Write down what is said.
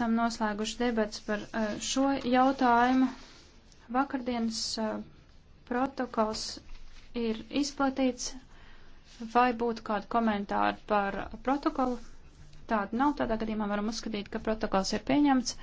esam noslēguši debats par eh, šo jautājumu. Vakardienas eh, protokols ir izplatīts. Vai būtu kādi komentāri par protokolu? Tāda nav. Tādā gadījumā varam uzskatīt, ka protokols ir pieņemts.